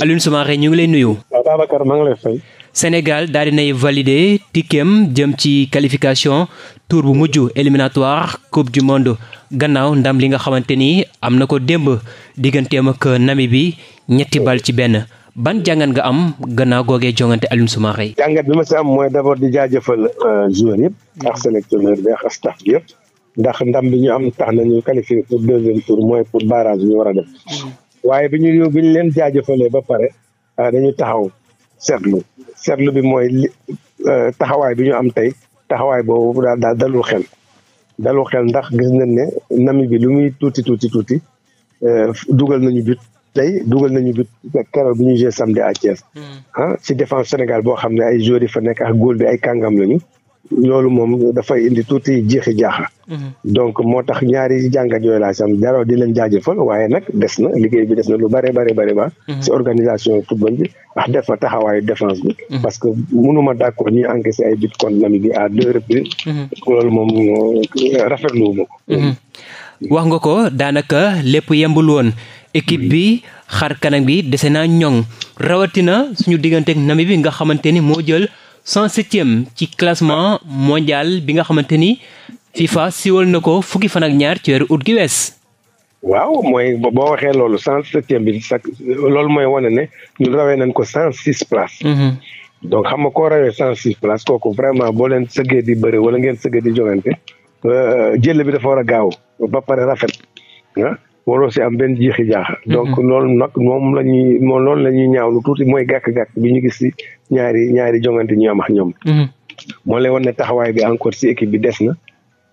Alioune Soumaré ñu ngi lay nuyu. waaw Babacar Sénégal daal di nay validé tikkeem jëm ci qualification tour bu mujj éliminatoire coupe du monde gannaaw ndam li nga xamante ni am na ko démb digganteem ak nami bi ñetti bal ci benn. ban jàngat nga am gannaaw googee jongante Alioune Soumaré yi. jàngat bi ma si am mooy d'abord di jaajëfal euh, joueurs yëpp. ak sélectionneur yëpp. ndax ndam bi ñu am tax nañu qualifié pour deuxième tour mooy pour barrage ñu war def. waaye bi ñu bi ñu leen jaajëfalee ba pare ah, dañu taxaw seetlu seetlu bi mooy euh, taxawaay bi ñu am tey taxawaay boobu daal daal dalul xel dalul xel ndax gis nañ ne nami bi lu muy tuuti tuuti tuuti euh, dugal nañu but tey dugal nañu but keroog bi ñu joué samedi à Thiès si hmm. ah, défense Sénégal boo xam ne ay joueurs yi fa nekk ak góol bi ay kàngam lañu loolu moom dafay indi tuuti jeexi jaaxa. Mhm. donc moo tax ñaari jàngat yooyu laa sam dara di leen jaajëfal waaye nag des na liggéey bi des na lu bare bare ba. si mhm. organisation football bi ndax def fa taxawaayu défense bi. Mhm. parce que mënuma d'accord ñuy encaissé ay but contre Namibie à deux reprises. loolu moom rafetluwuma ko. wax nga ko daanaka lépp yembul woon équipe bi xar kanam bi dese naa ñoŋ rawatina suñu digganteeg Namibie nga xamante ni moo jël. 107e ci classement mondial bi nga xamante ni FIFA siwal na ko fukki fan ak ñaar ci weeru ut gi wees. waaw mooy boo waxee loolu 107e bi loolu mooy wane ne ñu rawee nañ ko 106 places. Mhm. donc xam nga koo rawee 106 places kooku vraiment boo leen sëggee di bëri wala ngeen sëggee di joŋante euh, jël bi dafa war a gaaw ba pare rafet ah. waroo si am benn jiixi jaaxa. Mm-hmm. donc loolu nag moom la ñuy moom loolu la ñuy ñaawlu tuuti mooy gàkk-gàkk bi ñu gis si ñaari ñaari jongante ñu am ak ñoom. Mm-hmm. moo lay wan ne taxawaay bi encore si équipe bi des na.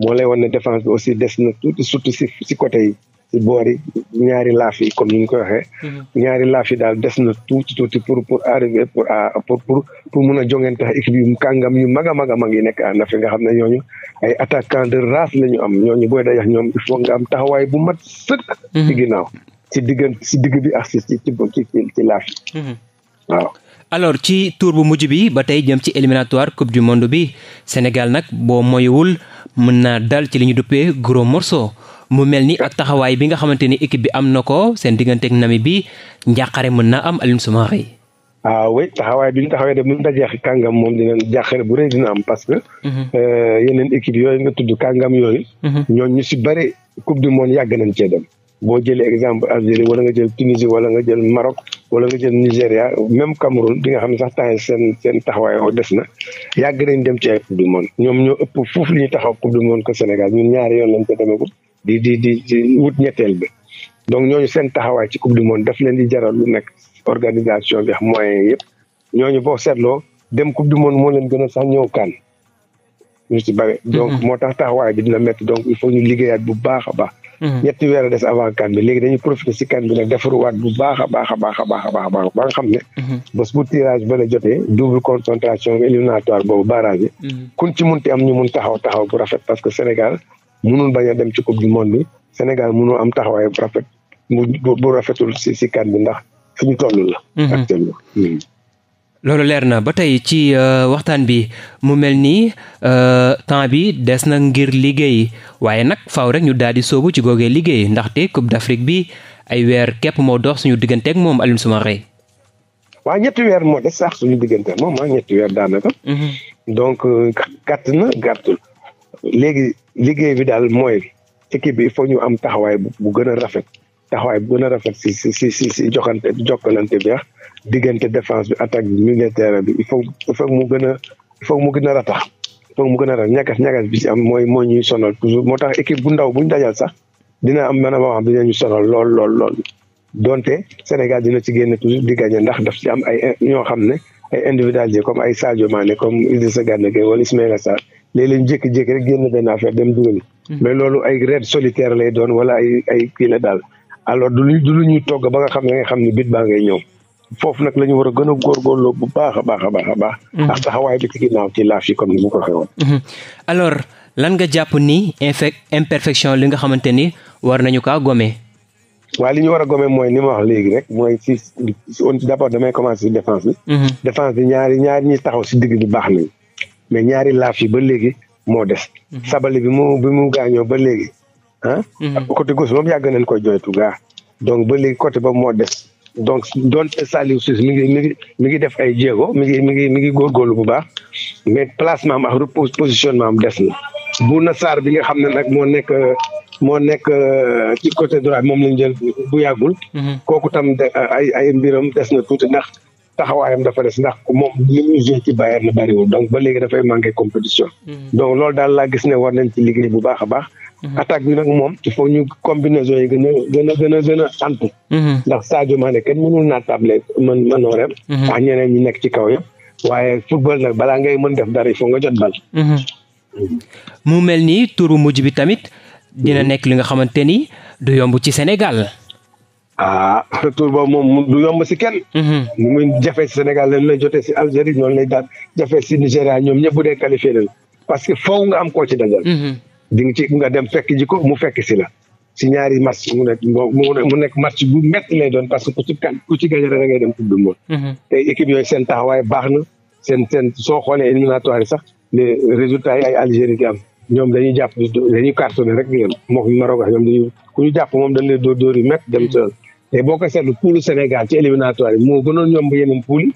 moo lay wan ne défense bi aussi des na tuuti surtout si si yi. ci boori ñaari laaf yi comme ni ñu ko waxee. Mm-hmm. ñaari laaf yi daal des na tuuti tuuti pour pour arriver pour pour pour pour mun a jongante ak équipe yu kàngam yu mag a mag a mag yi nekk en Afrique nga xam ne ñooñu ay attaquant de race la ñu am ñooñu booy dajax ñoom il faut nga am taxawaay bu mat sëkk. ci mm-hmm. ginnaaw ci diggante ci digg bi ak ci ci ci ci laaf mm-hmm. waaw. alors ci tour bu mujj bi ba tey jëm ci éliminatoire coupe du monde bi Sénégal nag boo moyewul mën naa dal ci li duppee gros mu mel ni ak taxawaay bi nga xamante ni équipe bi am na ko seen digganteeg nami bi njàqare mën na am Aliou Soumaré. ah oui taxawaay bi ñu taxawee dem ni mu dajeex kàngam moom dina jàqare bu rëy am parce que. Mhm. Euh, yeneen équipe yooyu nga tudd kàngam yooyu. Mhm. ñooñu ñu si bëri coupe du monde yàgg nañ cee dem. boo jëlee exemple nga jël Tunisie wala nga jël Maroc wala nga jël Nigéria même Cameroun bi nga xam ne sax temps seen seen taxawaayoo des na yàgg nañ dem ci ay coupe ñoom ñoo ëpp foofu li ñu taxaw coupe du monde ko Sénégal ñu ñaar yoon lañ ko demee di di di di wut ñetteel bi donc ñooñu seen taxawaay ci coup du monde daf leen di jaral lu nekk organisation bi ak moyens yëpp ñooñu boo seetloo dem coupe du monde moo leen gën a sax ñëw kan ñu ci bare mm-hmm. donc moo tax taxawaay bi dina métti donc il faut ñu liggéeyaat bu baax a baax. Mm-hmm. ñetti weer a des avant kan bi léegi dañuy profité si kan bi nag waat bu baax a baax a baax baax baax a baax ba nga xam ne. Mm-hmm. bés bu tirage ba la jotee double concentration éliminatoire boobu barrage yi. kun ci am ñu mun taxaw taxaw bu rafet parce que Sénégal mënul bañ a dem ci coupe du monde bi Sénégal mënul am taxawaay bu rafet bu rafetul si si kan bi ndax fi ñu toll la. Mhm. Hmm. loolu leer na ba tey ci euh, waxtaan bi mu mel nii euh, temps bi des na ngir liggéey waaye nag faw rek ñu daal soobu ci googee liggéey ndaxte Coupe d'Afrique bi ay weer képp moo dox suñu diggante ak moom Alioune Soumaré. waaw ñetti weer moo des sax suñu diggante ak moom ah ñetti weer daanaka. Mhm. donc euh, gàtt na gàttul léegi liggéey bi daal mooy équipe bi il faut ñu am taxawaay bu gën rafet taxawaay bu gën a rafet si si si si si joxante jokkalante bi ah diggante défense bi attaque bi milieu bi il faut mu gën a il mu gën a ratax il mu gën a ratax ñagas ñagas bi si am mooy moo ñuy sonal toujours moo tax équipe bu ndaw bu ñu dajal sax dina am maanaam wax dinañu sonal lool lool lool donte Sénégal dina ci génne toujours di gagné ndax daf ci am ay ñoo xam ne ay individualité comme ay Sadio Mané comme Idrissa Gana Gueye wala Ismaïla Sarr léeg-léeg ñu jékki-jékki rek génn benn affaire dem dugal hmm. mais loolu ay raid solitaire lay doon wala ay ay kii la daal alors du lu du ñuy togg ba nga xam ne nga xam ne bit baa nga ñëw foofu nag la war a gën a góorgóorloo bu baax baax a baax a baax ak hmm. taxawaay bi ci ci laaf yi comme ko xewoon hmm. alors lan nga jàpp ni infec imperfection li nga xamante ni war nañu kaa gomee li ñu war a gomee mooy ni ma wax léegi rek mooy si on d'abord damay commencer si défense bi défense bi ñaari ñaari ñi taxaw si digg bu baax nañ mais ñaari laaf yi ba léegi moo des. Mhm. sabali bi mu bi mu gaañoo ba léegi ah. Mhm. côté gauche moom yàgg nañ koy jooytu gaa donc ba léegi côté boobu moo des donc donte sali Ciss mi ngi mi ngi mi ngi def ay jéego mi ngi mi ngi mi ngi góorgóorlu bu baax mais placement am ak positionnement am des na. Bouna Sarr bi nga xam ne nag moo nekk moo nekk euh, ci côté droit moom lañ jël bu yàggul. Mhm. kooku tam ay ay mbiram des na tuuti ndax. taxawaayam dafa des ndax moom li muy joué ci Bayern la bariwul donc ba léegi dafay manqué compétition. Mm-hmm. donc loolu daal laa gis ne war nañ ci liggéey bu baax a baax. Mm-hmm. attaque bi nag moom il faut a a a a mm-hmm. ñi nekk ci kaw yëpp. waaye football nag balaa ngay mën def dara il faut nga jot bal. mu ni turu mujj bi tamit dina nekk li nga xamante ni du yomb ci Sénégal. ah retour boobu moom du yomb si kenn. ni mhm. muy jafe si Sénégal lañ lay jotee si Algérie noonu lay daal jafe si Nigéria ñoom ñëpp bu dee qualifié nañ parce que faw nga am koo ci dajal. Mhm. di nga dem fekk ji ko mu fekk si la. si ñaari match mu nekk mu nekk match bu métti doon parce que ku ci kan ku ci dem coupe du monde. Mhm. te équipe yooyu seen taxawaay baax na seen seen soo xoolee éliminatoire yi sax les résultats yi ay Algérie di am. ñoom dañuy jàpp dañuy cartonné rek ngeen moom Maroc ñoom dañuy ku ñu jàpp moom dañ lay dóor dóor dem sa te boo ko seetlu poulu Sénégal ci éliminatoire yi moo gënoon yomb yeneen poul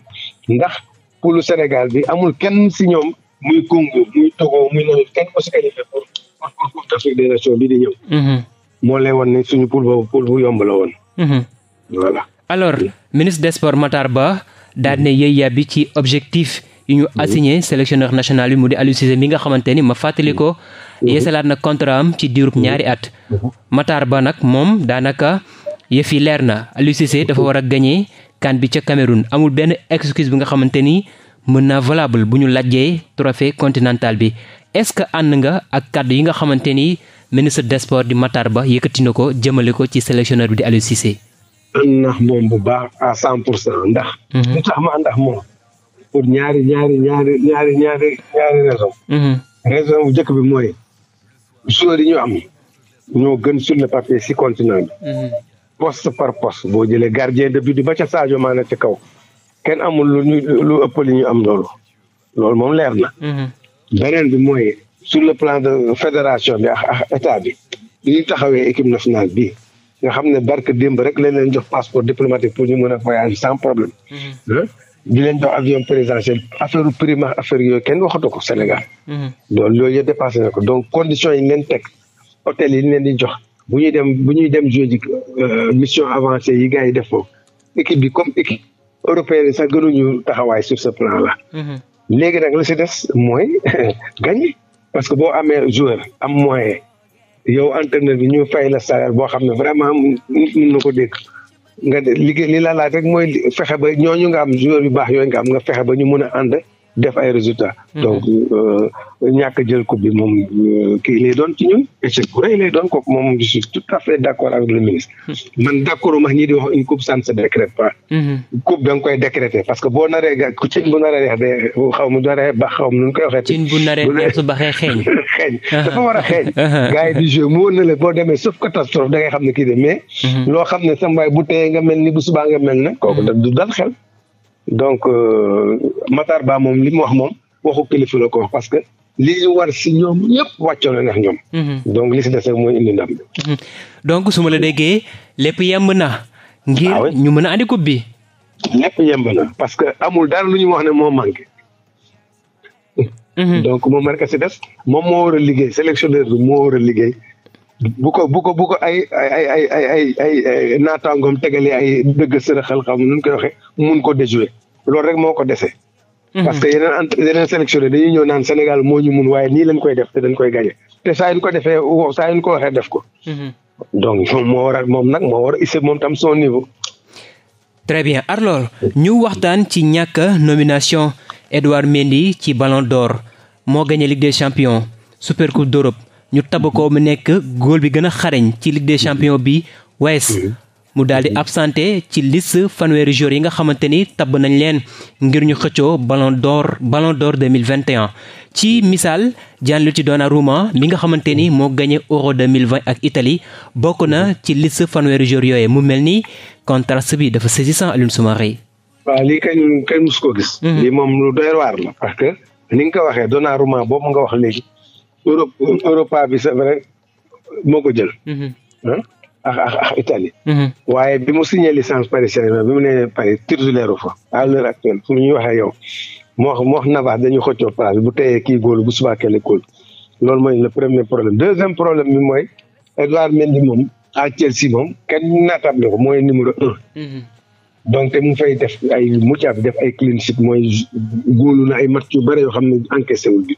ndax poulu Sénégal bi amul kenn si ñoom muy Congo muy Togo muy nawet kenn ko si qualifié pour pour pour bi mhm. moo lay woon suñu poul boobu poul yomb la woon. Mhm. voilà. alors ministre des sports Matar Ba daal ne yéy yàbbi ci objectif yi ñu mhm. assigné sélectionneur national bi mu di Aliou Cissé nga xamante ni ma fàttali ko yeesalaat na contrat am ci diirub ñaari at Matar Ba nag moom daanaka. yëf yi leer na Aliou Cissé dafa war a gañee kan bi ca Cameroun amul benn excuse bi nga xamante ni mën naa valable bu ñu lajjee trophée continental bi est-ce que ànd nga ak kàddu yi nga xamante ni ministre des sports di Matar Ba yëkkatina ko jëmale ko ci sélectionneur bi di Aliou Cissé. ndax moom bu baax à pour cent ndax. Mhm. lu tax ma ndax moom pour ñaari ñaari ñaari ñaari ñaari ñaari raison. Mhm. raison bu njëkk bi mooy joueurs yi ñu am ñoo gën sur le si continent bi. Mhm. poste par poste boo jëlee gardien de but ba ca Sadio Mané ca kaw kenn amul lu ñu li ñu am loolu loolu moom leer na. Mhm. beneen bi mooy sur le plan de fédération bi ak état bi li taxawee équipe nationale bi nga xam ne barke démb rek lañ leen jox passeport diplomatique pour ñu mën a voyage sans problème. Mhm. di leen jox avion présidentiel affaire primaire affaire yooyu kenn waxatu ko Sénégal. Mhm. loolu yooyu yëpp dépassé na ko donc conditions yi ñu teg hôtel yi ñu di jox. bu ñuy dem bu ñuy dem jouer ji euh, mission avancée yi gars yi def foofu équipe bi comme équipe européenne sax gënuñu taxawaay sur ce plan la mm-hmm. léegi nag la si des mooy gagner parce que boo amee joueur am moyen yow entraîneur bi ñu fay la salaire boo xam ne vraiment nit mën ko dégg nga liggéey li la laaj rek mooy fexe ba ñooñu nga am joueur yu baax yooyu nga am nga fexe ba ñu mun a ànd. def ay résultat mm-hmm. donc euh, ñàkk jël coupe bi moom euh, kii lay doon ci ñun échec bu rëy lay doon kooku moom je suis tout à fait d' accord avec le ministre. Mm-hmm. man d' ma ñii di wax une coupe ça ne se décrète pas. Mm-hmm. coupe da koy décréter parce que boo naree ga ku cin bu naree reex xaw ma naree ba xaw nu koy waxee. cin bu naree reex su baxee xeeñ. Uh-huh. war a xeeñ. Uh-huh. Uh-huh. gars yi di joué mu woon na la boo demee sauf catastrophe da ngay xam ne kii de mais. loo xam ne sa mbaay bu teye nga mel ni bu subaa nga mel na. kooku du dal xel. donc euh, Matar Ba moom li mu wax moom waxu kilifa ko wax parce que li war si ñoom ñëpp wàccoon na ndax ñoom. Mhm. donc li si des mhm. su ma la déggee lépp yemb na. ngir ah ñu mën a andi bi. lépp yemb na parce que amul daal lu ñu wax ne moo manqué. Mhm. donc moom rek a moom moo war a liggéey sélectionneur bi moo war a liggéey. bu ko bu ay ay ay ay ay ay naataangoom tegalee ay dëgg sërëxal xam nu ñu koy waxee mun ko déjouer. loolu rek moo ko dese. Mhm. parce que yeneen entre yeneen sélectionné dañuy ñëw naan Sénégal moo ñu mun waaye nii lañ koy def te dañ koy gañe te saa yu ko defee saa yu ko waxee def ko. Mhm. donc moom moo war moom nag moo war a isse moom tam son niveau. très bien alors ñu waxtaan ci ñàkk nomination Edouard Mendy ci Ballon door moo gagné Ligue des champion Super Coupe ñu tab ko mu nekk góor bi gën a xarañ ci Ligue des Champions bi wees. mu daal di absenté ci list fanweeri joueurs yi nga xamante ni tabb nañ leen ngir ñu xëccoo ballon d'or ballon d'or 2021 ci misaal Gianluigi Donnarumma bi nga xamante ni moo gagné euro 2020 ak Italie bokk na ci list fanweeri jour yooyu mu mel ni contraste bi dafa saisissant Aliou Soumaré. waaw lii kañ kañ mus koo gis. Mhm. lii moom lu doy la parce que ni nga ko waxee Donnarumma boobu nga wax léegi Europa bi c'est moo ko jël. Mhm. ak ak ak Italie. Mm-hmm. waaye bi mu signé licence Paris Saint-Germain bi mu nee Paris titulaire fa à l'heure actuelle pour ñu waxee yow moo moo Navas dañu xëccoo place bu teyee kii góolu bu subaa kenn góolu loolu mooy le premier problème deuxième problème bi mooy Edouard Mendy moom à Chelsea moom kenn naatable ko mooy numéro un. Mm-hmm. donc te mu fay def ay muccaab def ay clean sheet mooy góolu na ay match yu bëri yoo xam ne encaissé wul bi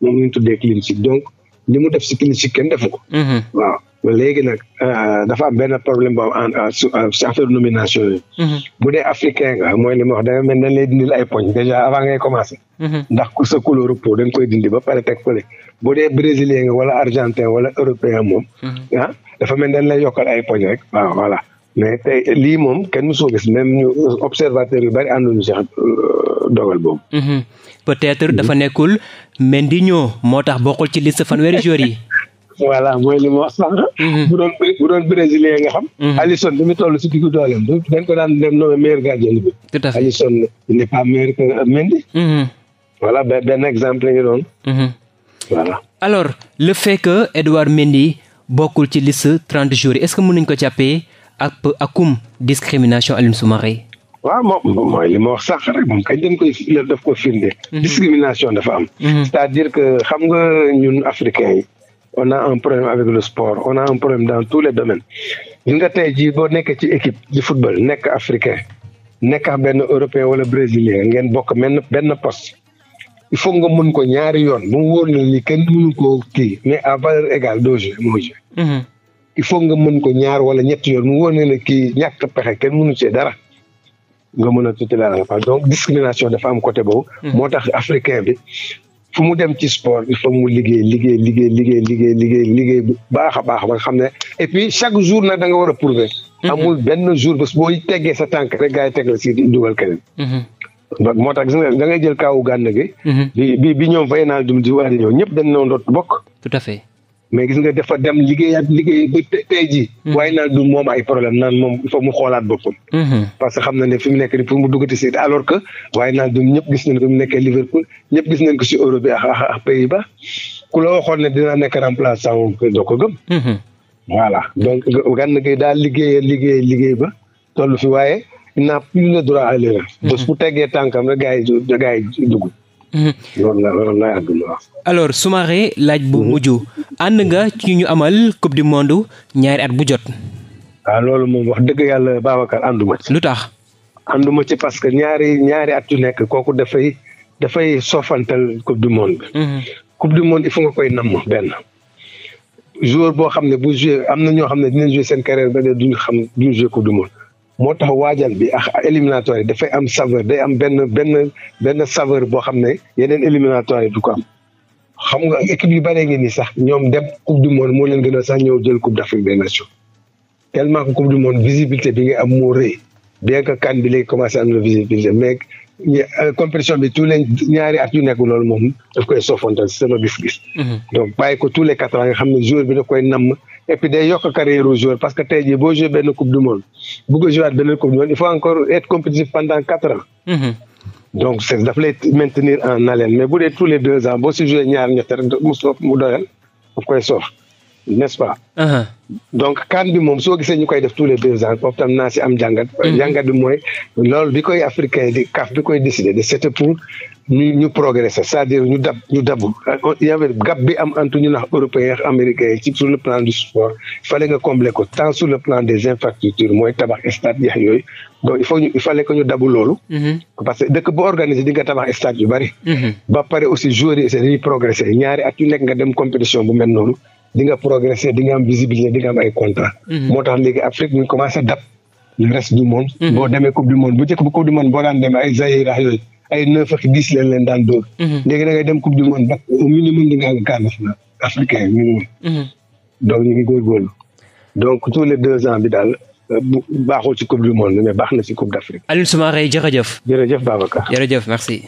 moom ñu tuddee clean sheet li mu def si clean sheet kenn defu ko. Mm-hmm. waaw léegi nag euh, dafa am benn problème boobu en en affaire nomination yi. Mhm. bu dee africain nga mooy li ma wax da mel dañ lay dindil ay poñ déjà avant ngay commencer. Mhm. ndax ku sa couleur da koy dindi ba pare teg fële bu dee brésilien nga wala argentin wala européen moom. Mhm. ah dafa mel dañ lay yokkal ay poñ rek waaw voilà. mais tey lii moom kenn mosoo gis même ñu observateur yu bari ànduñu sax euh, dogal boobu. peut dafa nekkul Mendy ñoo moo tax bokkul ci liste fanweeri joueurs yi. voilà mooy li ma wax sànq. Mhm. bu doon bu doon brésilien nga xam. Mhm. Alisson bi mu toll si diggu dooleem dañ ko daan dem bi. tout à pas meilleur que Mendy. Mhm. voilà benn exemple ngi doon. voilà. alors le fait que Edouard Mendy bokkul ci liste trente jours yi est ce que mën nañu ko jàppee ak akum discrimination Aliou Soumaré. waaw moom mooy li ma wax sànq rek moom kañ dañ koy daf ko firnde. discrimination dafa am. c'est-à-dire que xam nga ñun africains on a am problème avec le sport on a un problème dans tous les domaines li nga tey jii boo nekkee ci équipe di football nekk africain nekk benn européen wala brésilien ngeen bokk benn benn poste il faut nga mun ko ñaari yoon mu wóor na ni kenn mënu ko kii mais à valeur égale doo jouer moo mm-hmm. il faut nga mun ko ñaar wala ñetti yoon mu wóor na ne kii ñàkk pexe kenn mënu cee dara nga mën a tuuti la donc discrimination dafa am côté boobu. Mm-hmm. moo tax africain bi fu mu dem ci sport il faut mu liggéey liggéey liggéey liggéey liggéey liggéey liggéey baax a baax ba nga xam ne et chaque jour nag da nga war a prouver mhm. amul benn jour parce que booy teggee sa tànk rek gars yi teg la si dugal keneen mhm. moo tax gis nga da ngay jël kaawu gànn gi mhm. bi bi bi ñoom fay naal dum di waa di ñëw ñëpp dañ noon doot bokk tout à mais gis nga dafa dem liggéey ak liggéey ba tey jii. Hmm. waaye naan du moom ay problème naan moom il faut mu xoolaat boppam. Hmm. parce que xam na ne fi mu nekk nii pour mu duggati si alors que waaye naan du ñëpp gis nañ ko si Europe bi ak Pays-Bas ku la waxoon ne dina nekk remplaçant doo ko gëm. Hmm. voilà donc Gana Gueye daal liggéey liggéey ba toll fi waaye il plus le droit à l'erreur. bés bu teggee tànkam rek gars yi dugg. Mhm. loolu la loolu la àdduna wax. alors Soumaré laaj bu mhm. mujj. ànd nga ci ñu amal coupe du monde ñaari at bu jot. waaw ah, loolu moom wax dëgg yàlla Babacar ànduma ci. lu tax. ànduma ci parce que ñaari ñaari at yu nekk kooku dafay dafay soofantal coupe du monde bi. Mhm. coupe monde il faut nga koy namm benn. joueur boo xam ne bu joué am na ñoo xam ne dinañ joué seen carrière ba de duñu xam duñu joué monde moo tax waajal bi ak éliminatoire yi dafay am saveur day am benn benn benn saveur boo xam ne yeneen éliminatoire yi du ko am xam nga équipe yu bëree ngi nii sax ñoom dem coupe du monde moo leen gën sax ñëw jël coupe d'Afrique des nations tellement que coupe du monde visibilité bi nga am moo rëy bien que kan bi léegi commencé am na visibilité mais euh, compétition bi tous les ñaari at yu nekk loolu moom daf koy sofontal c'est sama gis-gis. Mm-hmm. donc bàyyi ko tous les quatre ans nga bi daf koy namm. et puis yokk carrière u joueur parce que tey jii boo joué benn coupe du monde bugg a joué benn coupe du monde il faut encore être compétitif pendant quatre ans. Mm-hmm. donc c'est daf lay maintenir en haleine mais bu dee tous les deux ans boo si joué ñaar ñett rek mu koy soof. n'est-ce pas. Uh-huh. bi moom soo gisee ñu koy def tous les deux ans foofu tam naa si am jàngat. Mm-hmm. jàngat bi mooy loolu bi koy africain di CAF bi koy décider de c'était pour ñu ñu progresser c'est-à-dire ñu dab ñu gap bi am entre ñu nax européen ak américain yi ci sur le plan du sport fallait nga combler ko sur le plan des infrastructures mooy tabax stade yax yooyu donc il faut ñu il fallait que ñu dabu loolu. Mm-hmm. parce que dëkk bu organisé di tabax stade yu bari. Mm-hmm. ba pare aussi joueurs yi dañuy progresser ñaari at yu nga dem compétition bu mel noonu. di nga progresser di nga am visibilité di nga am ay contrat mhm. moo tax léegi Afrique ñu commencé dab le reste du monde mhm. boo demee coupe du monde bu njëkk bu coupe du monde boo daan demee ay Zaïre ak yooyu ay neuf ak leen leen daan dóor mhm. léegi da ngay dem coupe du monde ba au minimum di nga am quart national africain minimum donc ñu ngi góorgóorlu donc tous les deux ans bi daal euh, baaxul ci coupe du monde mais baax na ci coupe d'Afrique Aliou Soumaré jërëjëf jërëjëf Babacar jërëjëf merci